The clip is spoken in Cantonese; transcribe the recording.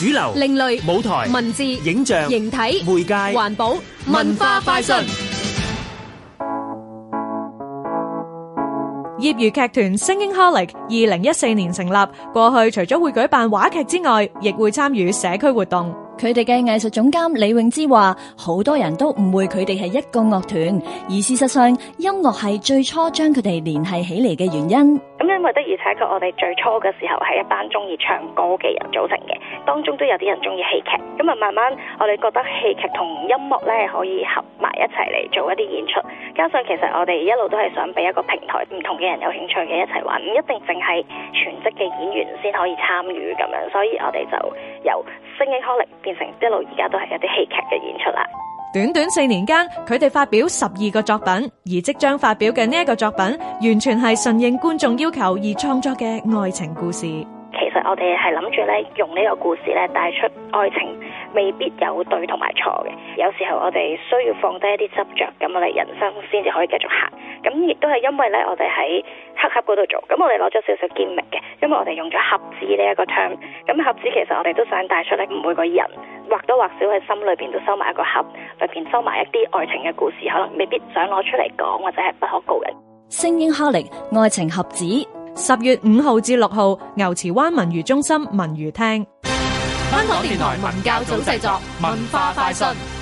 主流、另類舞台、文字、影像、形體、媒介、環保、文化快訊。業餘劇團《星英 Holic》二零一四年成立，過去除咗會舉辦話劇之外，亦會參與社區活動。佢哋嘅藝術總監李永芝話，好多人都誤會佢哋係一個樂團，而事實上，音樂係最初將佢哋聯繫起嚟嘅原因。咁因為的而且確我哋最初嘅時候係一班鍾意唱歌嘅人組成嘅，當中都有啲人鍾意戲劇。咁啊，慢慢我哋覺得戲劇同音樂呢可以合埋一齊嚟做一啲演出。加上其實我哋一路都係想俾一個平台，唔同嘅人有興趣嘅一齊玩，唔一定淨係全職嘅演員先可以參與咁樣。所以我哋就由 Sing-Holic 變成一路而家都係一啲戲劇嘅演出啦。短短四年間，佢哋發表十二個作品，而即將發表嘅呢一個作品，完全係順應觀眾要求而創作嘅愛情故事。其實我哋係諗住咧，用呢個故事咧，帶出愛情未必有對同埋錯嘅。有時候我哋需要放低一啲執着，咁我哋人生先至可以繼續行。咁亦都係因為咧，我哋喺。黑盒嗰度做，咁我哋攞咗少少揭秘嘅。因為我哋用咗盒子呢一個 term，咁盒子其實我哋都想帶出嚟，每個人或多或少喺心裏邊都收埋一個盒，入邊收埋一啲愛情嘅故事，可能未必想攞出嚟講，或者係不可告人。聲音哈利愛情盒子，十月五號至六號牛池灣文娛中心文娛廳。香港電台文教組製作，文化快訊。